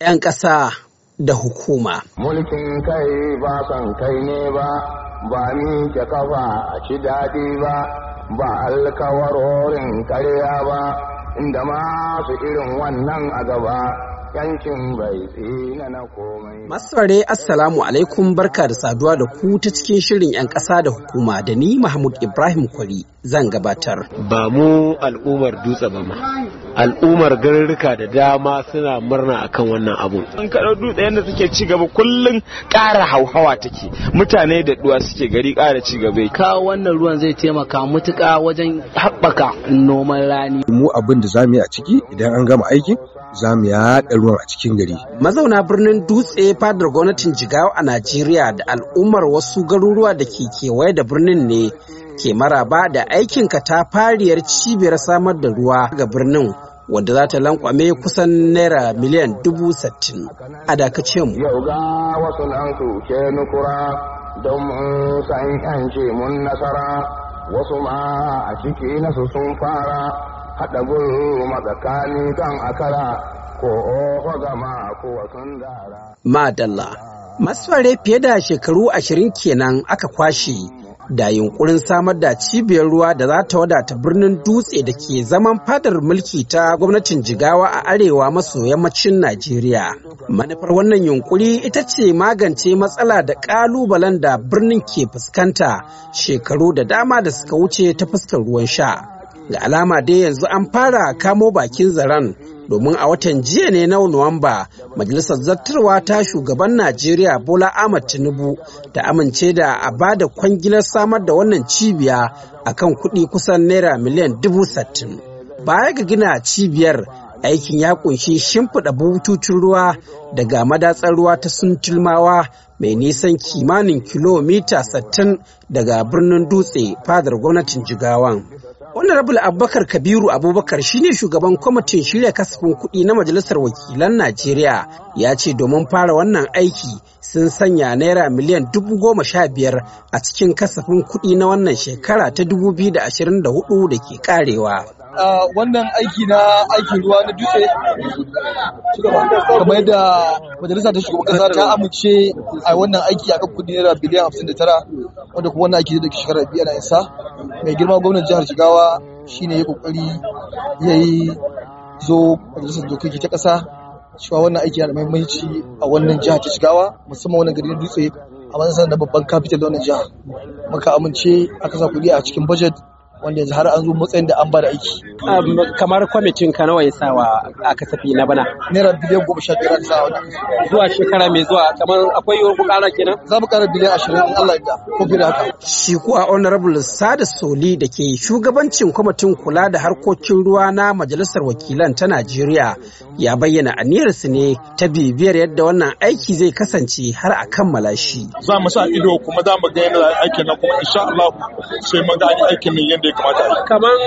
'yan ƙasa da hukuma. Mulkin kai ba son kai ne ba, ba ni ke kafa a ci daɗi ba, ba alkawarorin karya ba, inda masu irin wannan a gaba. Masare Assalamu alaikum barka da saduwa da ku ta cikin shirin 'yan ƙasa da hukuma da ni Mahmud Ibrahim Kwari zan gabatar. Ba mu al'ummar dutse ba ma. al'ummar garurruka da dama suna murna a kan wannan abu an kaɗa dutse yadda suke ci gaba kullum ƙara hauhawa take mutane da duwa suke gari ƙara ci gaba Kawo wannan ruwan zai taimaka mutuƙa wajen haɓaka noman rani mu abin da zamu yi a ciki idan an gama aikin za mu yaɗa ruwan a cikin gari. Mazauna birnin Dutse fadar gwamnatin Jigawa a Najeriya da al'ummar wasu garuruwa da ke kewaye da birnin ne ke maraba da aikin fariyar cibiyar samar da ruwa ga birnin wadda za ta lankwame kusan naira miliyan dubu sittin a dakace mu. Yau ga wasu nan su ke nukura don mun san yance mun nasara wasu ma a ciki nasu sun fara haɗa gulu matsakani kan akara ko oho gama ko wasan dara. Madalla, masu fare fiye da shekaru ashirin kenan aka kwashe da yunkurin samar da cibiyar ruwa da za ta wadata birnin dutse da ke zaman fadar mulki ta gwamnatin jigawa a arewa maso yammacin najeriya manufar wannan yunkuri ita ce magance matsala da ƙalubalen da birnin ke fuskanta shekaru da dama da suka wuce ta fuskar ruwan sha da alama dai yanzu an fara kamo bakin zaren domin a watan jiya ne na Nuwamba Majalisar zartarwa ta shugaban Najeriya Bola Ahmad Tinubu ta amince da a ba da kwangilar samar da wannan cibiya a kan kuɗi kusan naira miliyan dubu sattin. Baya ga gina cibiyar aikin ya kunshi shimfiɗa bututun ruwa daga madatsar ruwa ta suntulmawa mai nisan kimanin kilomita sattin daga birnin dutse fadar gwamnatin jigawan Honorable Abubakar Kabiru Abubakar shine shugaban kwamitin shirya kasafin kuɗi na Majalisar Wakilan Najeriya ya ce domin fara wannan aiki sun sanya naira miliyan dubu goma sha biyar a cikin kasafin kuɗi na wannan shekara ta dubu biyu da ashirin da hudu da ke karewa. Ah, wannan aiki na aikin ruwa na dutse kamar yadda majalisa ta shugaban kasa ta amince a wannan aiki a kan kudi naira biliyan hamsin da tara wanda kuma wannan aiki da ke shekara biyu na isa mai girma gwamnan jihar jigawa shine ya kokari ya yi zo majalisar dokoki ta kasa cewa wannan aiki yana da muhimmanci a wannan jihar ta Shigawa, musamman wannan gari na dutse a matsayin da babban kafital na wannan jihar muka amince aka sa kudi a cikin budget wanda yanzu har an zo matsayin da an bada aiki. kamar kwamitin ka nawa ya wa a kasafi na bana. naira biliyan goma sha biyar aka sawa zuwa shekara mai zuwa kamar akwai yiwuwar ku kara kenan. za mu kara biliyan ashirin in Allah ya ko fi da haka. shi a honorable sada soli da ke shugabancin kwamitin kula da harkokin ruwa na majalisar wakilan ta najeriya ya bayyana aniyarsu ne ta bibiyar yadda wannan aiki zai kasance har a kammala shi. za mu sa ido kuma za mu ga yadda aikin na kuma insha Allah sai mun ga aikin nan yadda kamata kaman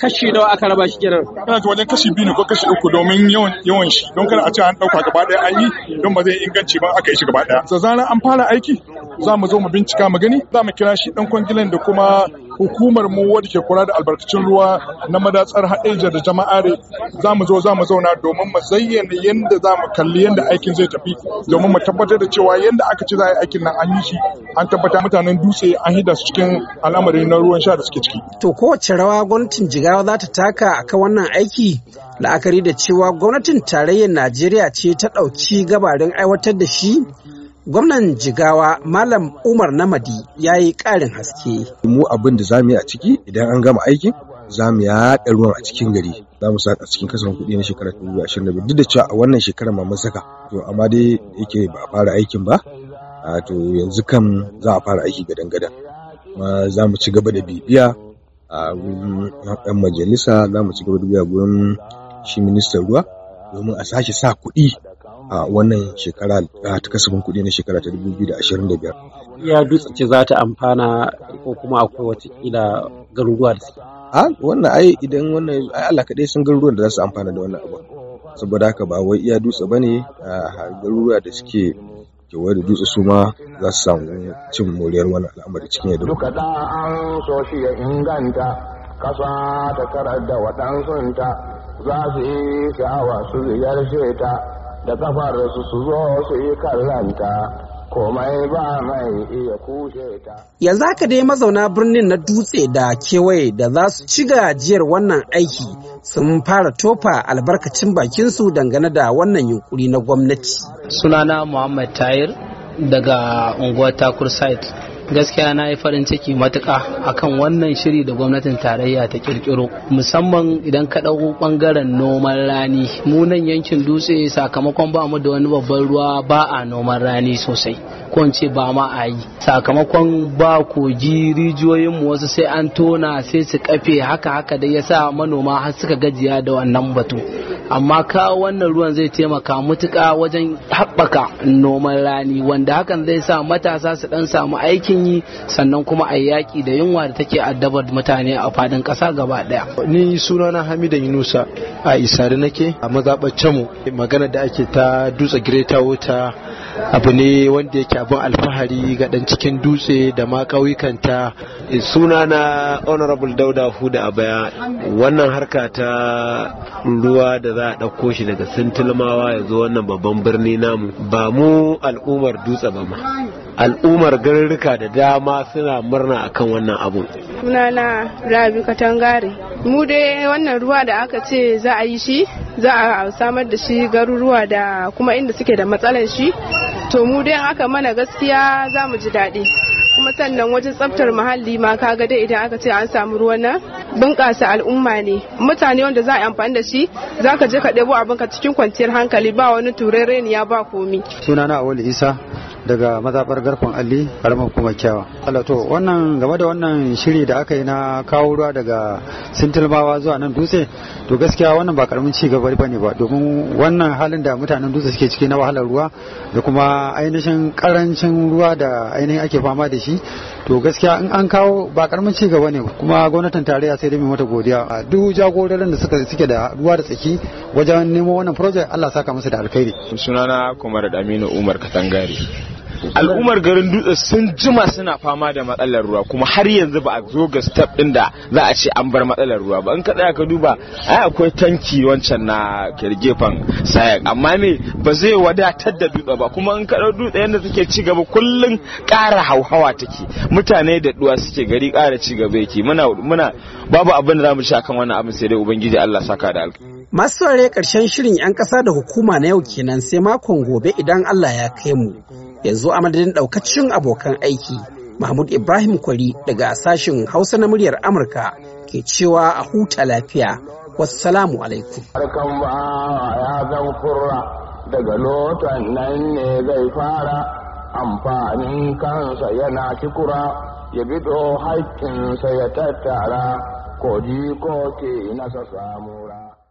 kashi nawa aka raba shi kenan ina ji wajen kashi biyu ne ko kashi uku domin yawan yawan shi don kada a ce an ɗauka gaba an yi don ba zai inganci ba aka yi shi gaba daya da zarar an fara aiki za mu zo mu bincika mu gani za mu kira shi dan kwangilan da kuma hukumar mu wadda ke kula da albarkacin ruwa na madatsar haɗeja da jama'are za mu zo za mu zauna domin mu zayyana yadda za mu kalli yadda aikin zai tafi domin mu tabbatar da cewa yadda aka ce za a yi aikin nan an yi shi an tabbata mutanen dutse an hida su cikin al'amari na ruwan sha da suke ciki. To kowace rawa gwamnatin jigawa za ta taka akan wannan aiki la'akari da cewa gwamnatin tarayyar Najeriya ce ta ɗauki gabarin aiwatar da shi Gwamnan Jigawa Malam Umar Namadi ya yi ƙarin haske. Mu abin da za mu yi a ciki idan an gama aikin za mu haɗa ruwan a cikin gari za mu sa a cikin kasan kuɗi na shekarar 2025 duk da cewa a wannan shekarar ma mun saka to amma dai yake ba a fara aikin ba a to yanzu kam za a fara aiki gadan gadan ma za mu ci gaba da bibiya a wurin majalisa za mu ci gaba da bibiya gurin shi ministan ruwa domin a sake sa kuɗi a wannan shekara ta kasafin kuɗi na shekara ta 2025 iya dutse ce za ta amfana ko kuma akwai watakila garuruwa da suke a wannan ai idan wannan ai Allah kaɗai sun garuruwan da za su amfana da wannan abu saboda haka ba wai iya dutse bane a garuruwa da suke kewaye da dutse su ma za su samu cin moriyar wani al'amari cikin yadda duka da an so shi ya inganta kasa ta karar da waɗansunta za su yi sha'awa su ziyarce ta da kafarsu su zo su yi kallanta komai ba mai iya kushe ta. Yanzu haka dai mazauna birnin na dutse da kewaye da za su ci gajiyar wannan aiki sun fara tofa albarkacin bakinsu dangane da wannan yunkuri na gwamnati. Sunana Muhammad Tahir daga unguwar Takur Site. gaskiya na yi farin ciki matuƙa akan wannan shiri da gwamnatin tarayya ta kirkiro musamman idan ka ɗau ɓangaren noman rani mu nan yankin dutse sakamakon ba mu da wani babban ruwa ba a noman rani sosai ko in ce ba ma a yi sakamakon ba kogi rijiyoyin mu wasu sai an tona sai su kafe haka haka da yasa manoma har suka gajiya da wannan batu amma ka wannan ruwan zai taimaka mutuƙa wajen haɓaka noman rani wanda hakan zai sa matasa su ɗan samu aikin aikin yi sannan kuma a yaƙi da yunwa da take addabar mutane a fadin ƙasa gaba ɗaya. Ni na Hamida Yunusa a Isari nake a mazaɓar mu magana da ake ta dutse Greater wata abu ne wanda yake abin alfahari ga dan cikin dutse da ma ƙauyukanta. na Honorable Dauda Huda Abaya wannan harka ta ruwa da za a ɗauko shi daga Sintilmawa ya zo wannan babban birni namu ba mu al'ummar dutse ba ma. al'ummar garuruka da dama suna murna akan wannan abun. na Rabi Katangare. Mu dai wannan ruwa da aka ce za a yi shi, za a samar da shi garuruwa da kuma inda suke da matsalar shi. To mu dai aka mana gaskiya za mu ji daɗi. kuma sannan wajen tsaftar muhalli ma kaga dai idan aka ce an samu ruwan nan bunƙasa al'umma ne mutane wanda za a amfani da shi za ka je ka ɗebo abinka cikin kwanciyar hankali ba wani ya ba komi sunana awali isa daga mazabar garkon alli karamar kuma kyawa alato wannan game da wannan shiri da aka yi na kawo ruwa daga sintilmawa zuwa nan dutse to gaskiya wannan ba karamin ci gaba bane ba domin wannan halin da mutanen dutse suke ciki na wahalar ruwa da kuma ainihin karancin ruwa da ainihin ake fama da shi to gaskiya in an kawo ba karamin ci gaba ne kuma gwamnatin tarayya sai dai mai mata godiya a duk jagororin da suka suke da ruwa da tsaki wajen nemo wannan project Allah saka musu da alkhairi sunana Kumar Aminu Umar Katangare al'ummar garin dutse sun jima suna fama da matsalar ruwa kuma har yanzu ba a zo ga step din da za a ce an bar matsalar ruwa ba in ka tsaya ka duba ai akwai tanki wancan na kirgefan sayak amma ne ba zai wadatar da dutse ba kuma in ka dau dutse yanda suke ci gaba kullun ƙara hauhawa take mutane da duwa suke gari ƙara ci gaba yake muna muna babu abin da zamu sha kan wannan abin sai dai ubangiji Allah saka da alƙa Masu saurare ƙarshen shirin 'yan ƙasa da hukuma na yau kenan sai makon gobe idan Allah ya kai mu. Yanzu zo a madadin daukacin abokan aiki mahmud ibrahim kwari daga sashin hausa na muryar amurka ke cewa a huta lafiya wassalamu alaikum harkan ba ya zan kurra daga lotan nan ne zai fara amfanin kansa yana kikura ya bido haƙƙinsa ya tattara ko ji ko ke nasa samura